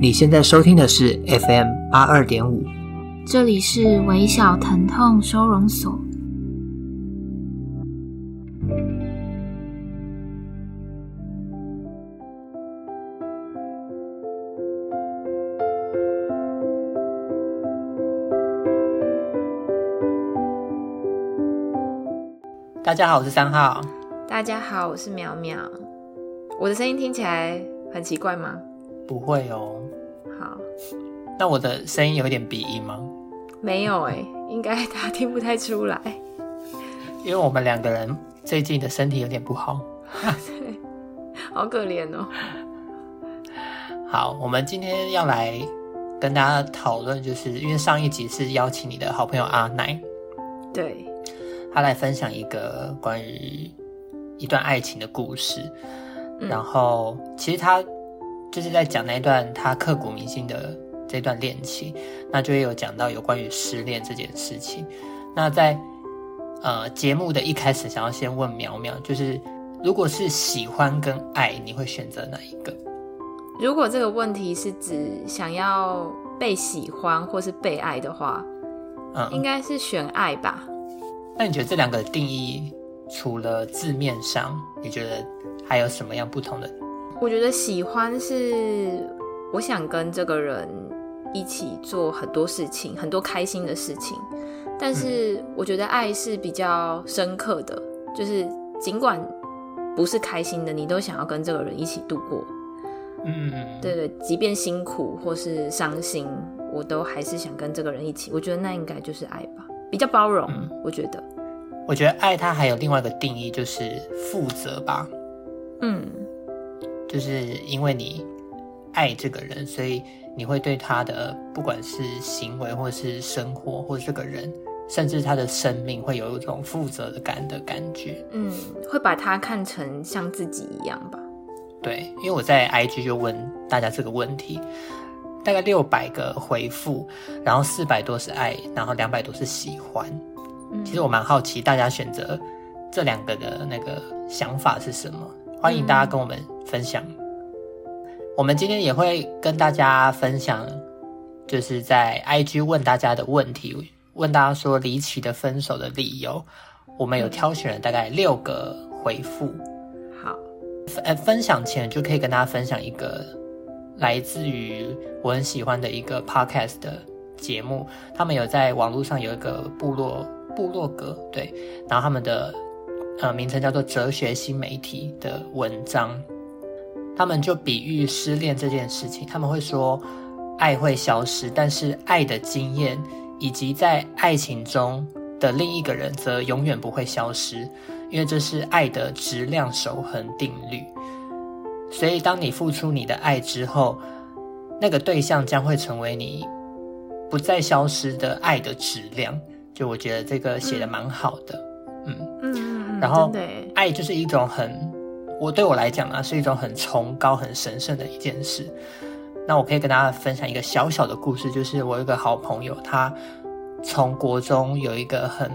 你現在收聽的是 FM 八二點五，這裡是微小疼痛收容所。大家好，我是三號。大家好，我是苗苗。我的聲音聽起來很奇怪嗎？不會哦。好，那我的聲音有一點鼻音嗎？沒有哎、欸嗯，應該他聽不太出來。因為我們兩個人最近的身體有點不好，對， 好可憐哦。好，我們今天要來跟大家討論，就是因為上一集是邀請你的好朋友阿奶，對，他來分享一個關於一段愛情的故事，嗯、然後其實他。就是在講那一段他刻骨銘心的這段戀情，那就會有講到有關於失戀這件事情。那在呃節目的一開始，想要先問苗苗，就是如果是喜歡跟愛，你會選擇哪一個？如果這個問題是指想要被喜歡或是被愛的話，嗯，應該是選愛吧。那你覺得這兩個定義除了字面上，你覺得還有什麼樣不同的？我覺得喜歡是我想跟這個人一起做很多事情，很多開心的事情。但是我覺得愛是比較深刻的，就是儘管不是開心的，你都想要跟這個人一起度過。嗯，嗯，嗯，對對，即便辛苦或是傷心，我都還是想跟這個人一起。我覺得那應該就是愛吧，比較包容。嗯，我覺得，我覺得愛它還有另外一個定義，就是負責吧。嗯。就是因為你愛這個人，所以你會對他的不管是行為，或是生活，或者這個人，甚至他的生命，會有一種負責的感的感覺。嗯，會把他看成像自己一樣吧？對，因為我在 IG 就問大家這個問題，大概六百個回復，然後四百多是愛，然後兩百多是喜歡。嗯。其實我蠻好奇大家選擇這兩個的那個想法是什麼。歡迎大家跟我們分享。我們今天也會跟大家分享，就是在 IG 問大家的問題，問大家說離奇的分手的理由，我們有挑選了大概六個回復。好，分，呃，分享前就可以跟大家分享一個來自於我很喜歡的一個 Podcast 的節目，他們有在網絡上有一個部落部落格，對，然後他們的。呃，名稱叫做《哲學新媒體》的文章，他們就比喻失戀這件事情，他們會說，愛會消失，但是愛的經驗以及在愛情中的另一個人則永遠不會消失，因為這是愛的質量守恆定律。所以，當你付出你的愛之後，那個對象將會成為你不再消失的愛的質量。就我覺得這個寫得蠻好的，嗯嗯。然後，嗯，愛就是一種很，我對我來講啊，是一種很崇高、很神聖的一件事。那我可以跟大家分享一個小小的故事，就是我有一個好朋友，他從國中有一個很，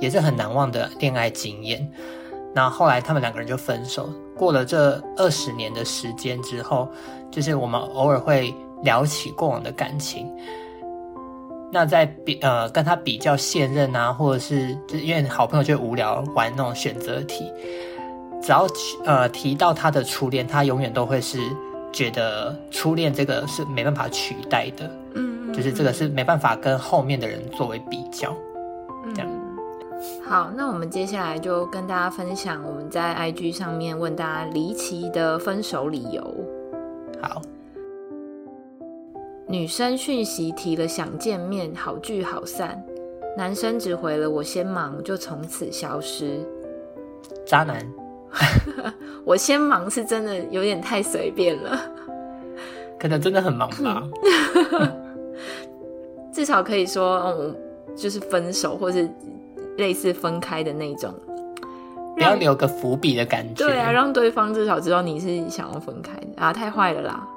也是很難忘的戀愛經驗。那後，後來他們兩個人就分手，過了這二十年的時間之後，就是我們偶爾會聊起過往的感情。那在比呃跟他比較現任啊，或者是就因為好朋友就無聊玩那種選擇題，只要呃提到他的初戀，他永遠都會是覺得初戀這個是沒辦法取代的。嗯，嗯，嗯，就是這個是沒辦法跟後面的人作為比較。嗯，嗯，好，那我們接下來就跟大家分享我們在 IG 上面問大家離奇的分手理由，好。女生訊息提了想見面，好聚好散。男生只回了我先忙，就從此消失。渣男， 我先忙是真的有點太隨便了，可能真的很忙吧。嗯、 至少可以說，嗯，就是分手或是類似分開的那種，不要留個伏筆的感覺。對啊，讓對方至少知道你是想要分開的啊，太壞了啦。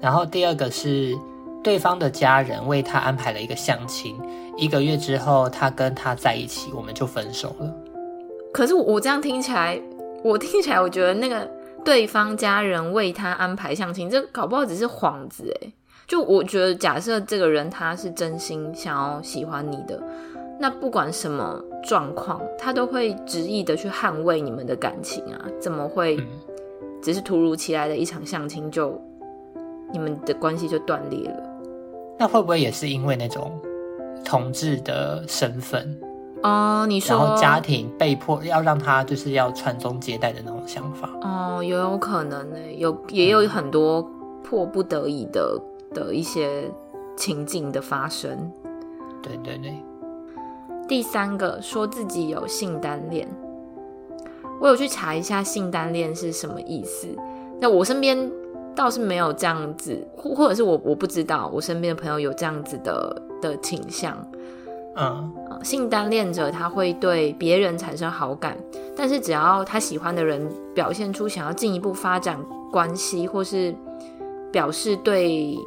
然後第二個是，對方的家人為他安排了一個相親，一個月之後他跟他在一起，我們就分手了。可是我這樣聽起來，我聽起來我覺得那個對方家人為他安排相親，這搞不好只是幌子哎。就我覺得，假設這個人他是真心想要喜歡你的，那不管什麼狀況，他都會執意的去捍衛你們的感情啊，怎麼會只是突如其來的一場相親就？你們的關係就斷裂了，那會不會也是因為那種同志的身份哦、嗯，你說，然後家庭被迫要讓他就是要傳宗接代的那種想法哦、嗯，有有可能呢、欸，有也有很多迫不得已的、嗯、的一些情境的發生。對對對，第三個說自己有性單戀，我有去查一下性單戀是什麼意思。那我身邊。倒是沒有這樣子，或或者是我我不知道，我身邊的朋友有這樣子的的傾向。嗯，uh.，性單戀者他會對別人產生好感，但是只要他喜歡的人表現出想要進一步發展關係，或是表示對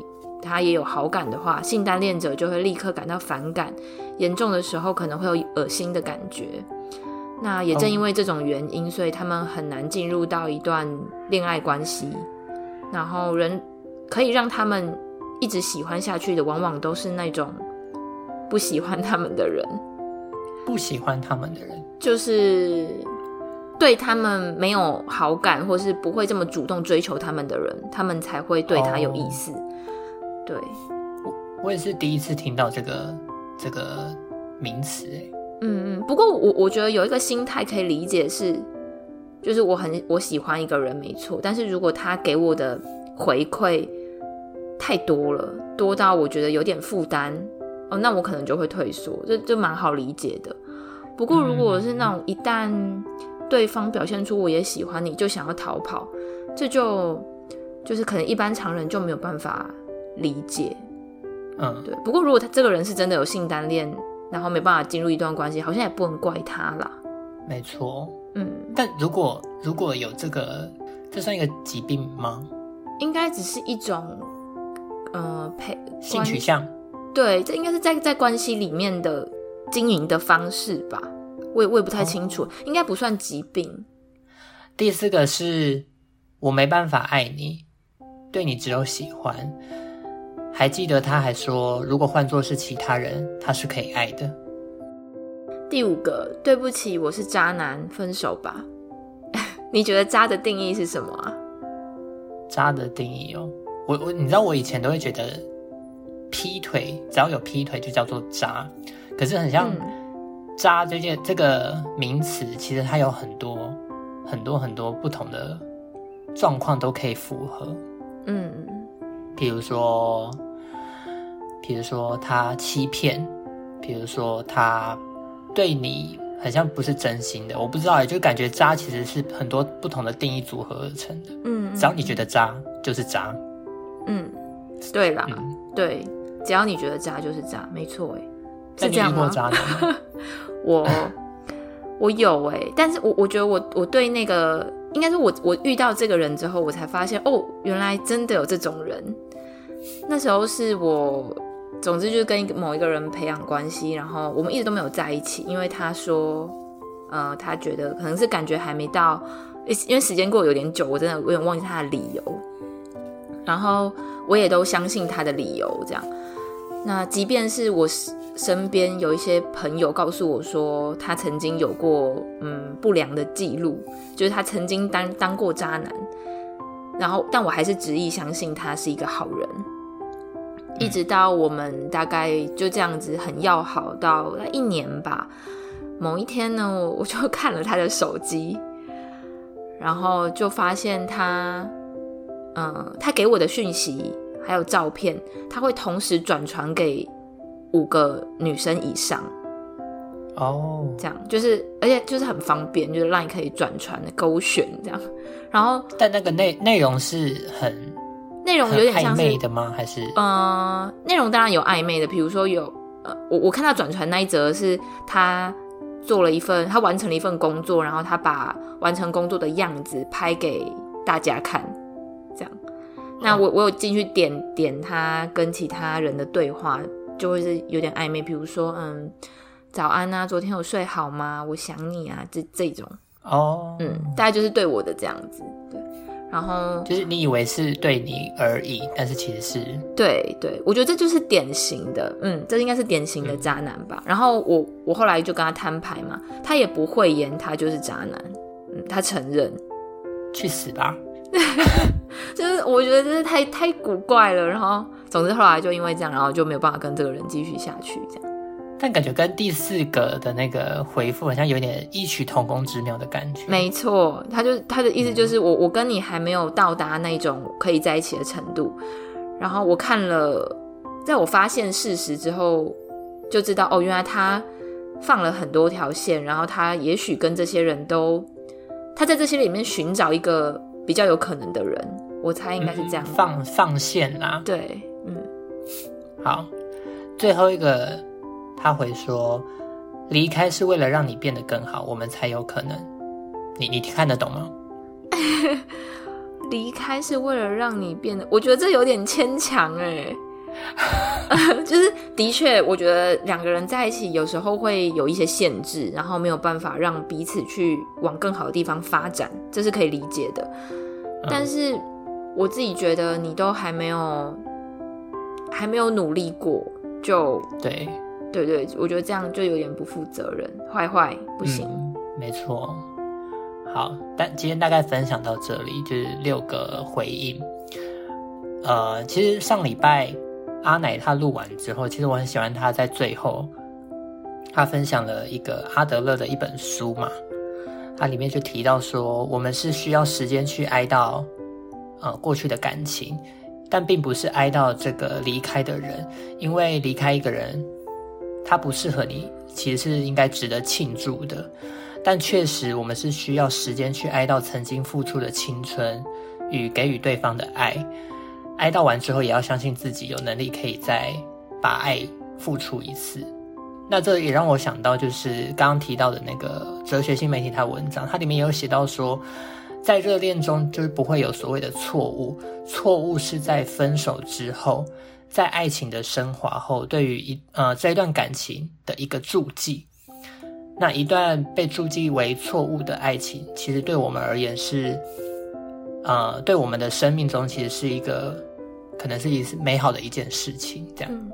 他也有好感的話，性單戀者就會立刻感到反感，嚴重的時候可能會有噁心的感覺。那也正因為這種原因，oh. 所以他們很難進入到一段戀愛關係。然後人可以讓他們一直喜歡下去的，往往都是那種不喜歡他們的人，不喜歡他們的人，就是對他們沒有好感，或是不會這麼主動追求他們的人，他們才會對他有意思。Oh, 對。我，我也是第一次聽到這個這個名詞誒。嗯嗯，不過我我覺得有一個心態可以理解是。就是我很我喜歡一個人沒錯，但是如果他給我的回饋太多了，多到我覺得有點負擔哦，那我可能就會退縮，這這蠻好理解的。不過如果是那種一旦對方表現出我也喜歡你，就想要逃跑，這就就是可能一般常人就沒有辦法理解。嗯，對。不過如果他這個人是真的有性單戀，然後沒辦法進入一段關係，好像也不能怪他啦。沒錯。嗯，但如果如果有這個，這算一個疾病嗎？應該只是一種，呃，配，性取向。對，這應該是在在關係裡面的經營的方式吧，我也我也不太清楚、哦，應該不算疾病。第四個是我沒辦法愛你，對你只有喜歡。還記得他還說，如果換作是其他人，他是可以愛的。第五個，對不起，我是渣男，分手吧。 你覺得渣的定義是什麼啊？渣的定義哦，我我你知道，我以前都會覺得，劈腿只要有劈腿就叫做渣，可是很像渣這件、嗯、這個名詞，其實它有很多很多很多不同的狀況都可以符合。嗯，比如說，比如說他欺騙，比如說他。對你好像不是真心的，我不知道哎、欸，就感覺渣其實是很多不同的定義組合而成的。嗯，只要你覺得渣就是渣。嗯，對啦、嗯，對，只要你覺得渣就是渣，沒錯哎。是這樣嗎？有有渣男嗎？ 我我有哎、欸，但是我我覺得我我對那個應該是我我遇到這個人之後，我才發現哦，原來真的有這種人。那時候是我。總之，就是跟一個某一個人培養關係，然後我們一直都沒有在一起，因為他說，呃，他覺得可能是感覺還沒到，因為時間過有點久，我真的有點忘記他的理由。然後我也都相信他的理由，這樣。那即便是我身邊有一些朋友告訴我說他曾經有過嗯，不良的記錄，就是他曾經當當過渣男，然後但我還是執意相信他是一個好人。一直到我們大概就這樣子很要好到一年吧，某一天呢，我我就看了他的手機，然後就發現他，嗯、呃，他給我的訊息還有照片，他會同時轉傳給五個女生以上，哦、oh.，這樣就是，而且就是很方便，就是讓你可以轉傳勾選這樣，然後但那個內內容是很。內容有點像曖昧的嗎？還是？呃，內容當然有曖昧的，比如說有，呃，我我看到轉傳那一則是他做了一份，他完成了一份工作，然後他把完成工作的樣子拍給大家看，這樣。那我我有進去點點他跟其他人的對話，就會是有點曖昧，比如說嗯，早安啊，昨天有睡好嗎？我想你啊，這這種哦，oh. 嗯，大概就是對我的這樣子，對。然後就是你以為是對你而已，但是其實是對對，我覺得這就是典型的，嗯，這應該是典型的渣男吧。嗯、然後我我後來就跟他攤牌嘛，他也不諱言他就是渣男，嗯，他承認，去死吧， 就是我覺得真是太太古怪了。然後總之後來就因為這樣，然後就沒有辦法跟這個人繼續下去這樣。但感覺跟第四個的那個回復好像有點異曲同工之妙的感覺。沒錯，他就他的意思就是我、嗯、我跟你還沒有到達那種可以在一起的程度。然後我看了，在我發現事實之後，就知道哦，原來他放了很多條線，然後他也許跟這些人都他在這些裡面尋找一個比較有可能的人，我猜應該是這樣、嗯、放放線啦、啊。對，嗯，好，最後一個。他會說，離開是為了讓你變得更好，我們才有可能。你你看得懂嗎？離 開是為了讓你變得，我覺得這有點牽強哎。 就是的確，我覺得兩個人在一起有時候會有一些限制，然後沒有辦法讓彼此去往更好的地方發展，這是可以理解的。嗯。但是我自己覺得，你都還沒有還沒有努力過，就對。對對，我覺得這樣就有點不負責任，壞壞，不行。嗯，沒錯。好，但今天大概分享到這裡，就是六個回應。呃，其實上禮拜阿奶他錄完之後，其實我很喜歡他在最後他分享了一個阿德勒的一本書嘛，他裡面就提到說，我們是需要時間去哀悼，呃，過去的感情，但並不是哀悼這個離開的人，因為離開一個人，他不適合你，其實是應該值得慶祝的，但確實我們是需要時間去哀悼曾經付出的青春與給予對方的愛。哀悼完之後，也要相信自己有能力可以再把愛付出一次。那這也讓我想到，就是剛剛提到的那個哲學新媒體他文章，他裡面也有寫到說，在熱戀中就是不會有所謂的錯誤，錯誤是在分手之後。在愛情的昇華後，對於一呃這一段感情的一個注記，那一段被注記為錯誤的愛情，其實對我們而言是，呃，對我們的生命中其實是一個，可能是一個美好的一件事情。這樣，嗯、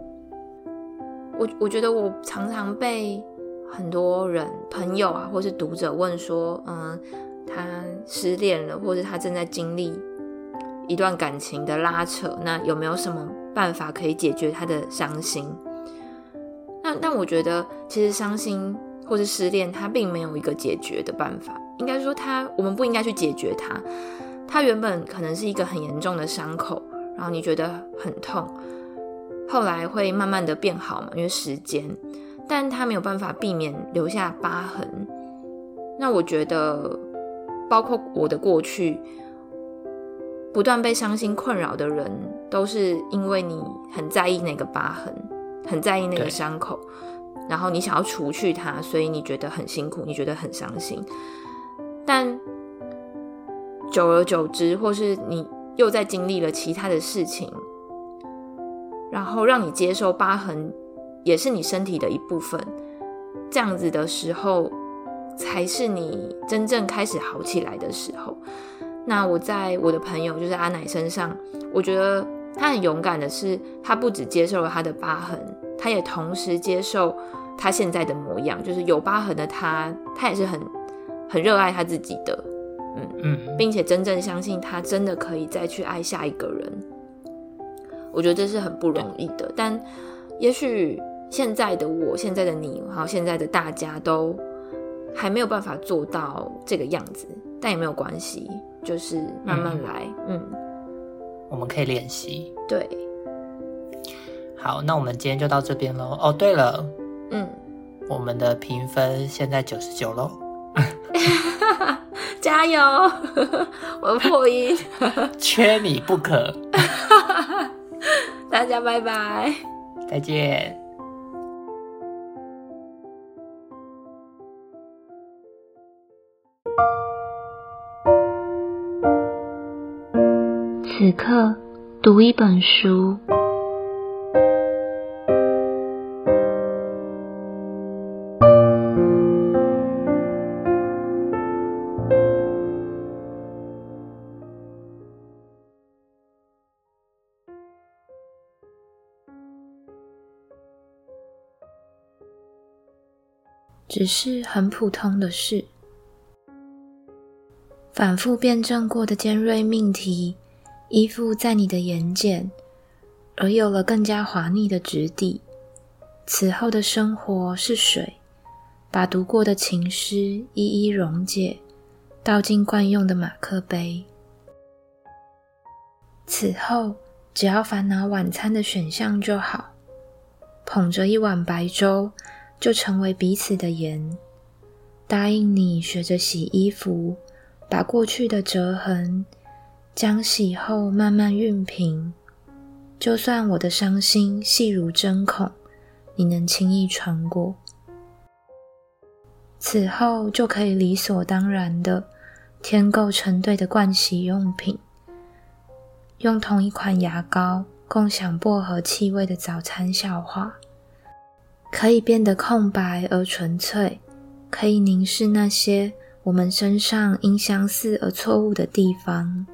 我我覺得我常常被很多人朋友啊，或是讀者問說，嗯，他失戀了，或者他正在經歷一段感情的拉扯，那有沒有什麼？辦法可以解決他的傷心，那但我覺得其實傷心或是失戀，他並沒有一個解決的辦法。應該說，他，我們不應該去解決他，他原本可能是一個很嚴重的傷口，然後你覺得很痛，後來會慢慢的變好嘛，因為時間，但他沒有辦法避免留下疤痕。那我覺得，包括我的過去，不斷被傷心困擾的人，都是因為你很在意那個疤痕，很在意那個傷口，然後你想要除去它，所以你覺得很辛苦，你覺得很傷心。但久而久之，或是你又在經歷了其他的事情，然後讓你接受疤痕也是你身體的一部分，這樣子的時候，才是你真正開始好起來的時候。那我在我的朋友，就是阿奶身上，我覺得。他很勇敢的是，他不只接受了他的疤痕，他也同時接受他現在的模樣，就是有疤痕的他，他也是很很熱愛他自己的，嗯嗯，並且真正相信他真的可以再去愛下一個人。我覺得這是很不容易的，但也許現在的我、現在的你，還有現在的大家都還沒有辦法做到這個樣子，但也沒有關係，就是慢慢來，嗯。嗯我們可以練習，對，好，那我們今天就到這邊嘍。哦，對了，嗯，我們的評分現在九十九嘍， 加油， 我破音， 缺你不可， 大家拜拜，再見。此刻讀一本書，只是很普通的事。反復辯證過的尖銳命題。依附在你的眼瞼，而有了更加滑膩的質地。此後的生活是水，把讀過的情詩一一溶解，倒進慣用的馬克杯。此後，只要煩惱晚餐的選項就好，捧着一碗白粥，就成為彼此的鹽。答應你，學着洗衣服，把過去的折痕。將洗後慢慢熨平，就算我的傷心細如針孔，你能輕易穿過。此後就可以理所當然的添購成對的盥洗用品，用同一款牙膏，共享薄荷氣味的早餐笑話，可以變得空白而純粹，可以凝視那些我們身上因相似而錯誤的地方。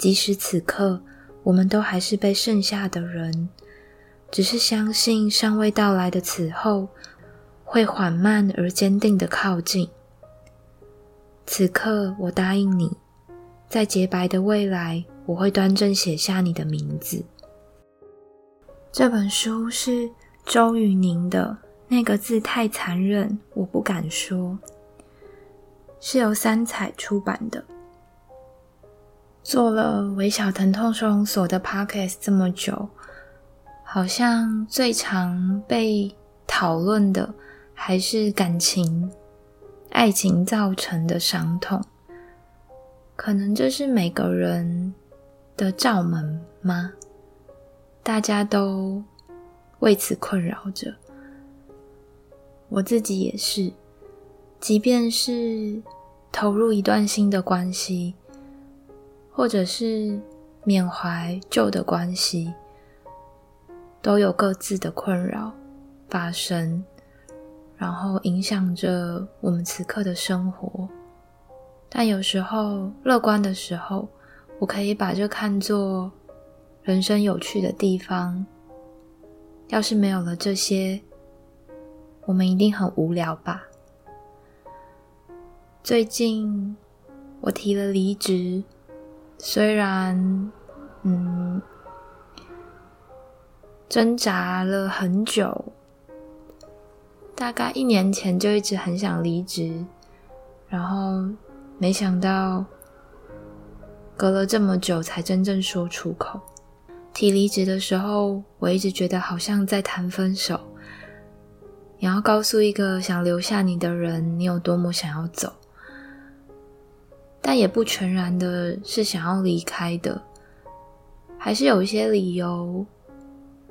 即使此刻，我們都還是被剩下的人，只是相信尚未到來的此後，會緩慢而堅定的靠近。此刻，我答應你，在潔白的未來，我會端正寫下你的名字。這本書是周宇寧的，那個字太殘忍，我不敢說，是由三彩出版的。做了微小疼痛收容所的 podcast 這麼久，好像最常被討論的還是感情、愛情造成的傷痛，可能這是每個人的罩門嗎？大家都為此困擾着，我自己也是。即便是投入一段新的關係。或者是緬懷舊的關係，都有各自的困擾發生，然後影響着我們此刻的生活。但有時候樂觀的時候，我可以把這看作人生有趣的地方。要是沒有了這些，我們一定很無聊吧？最近我提了離職。雖然，嗯，掙扎了很久，大概一年前就一直很想離職，然後沒想到隔了這麼久才真正說出口。提離職的時候，我一直覺得好像在談分手，你要告訴一個想留下你的人，你有多麼想要走。但也不全然的是想要離開的，還是有一些理由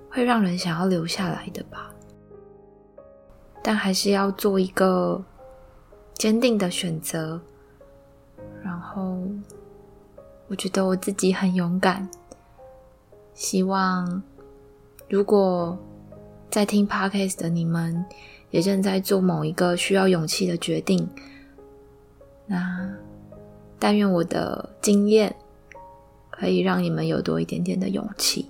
會讓人想要留下來的吧。但還是要做一個堅定的選擇。然後，我覺得我自己很勇敢。希望如果在聽 Podcast 的你們也正在做某一個需要勇氣的決定，那。但願我的經驗可以讓你們有多一點點的勇氣。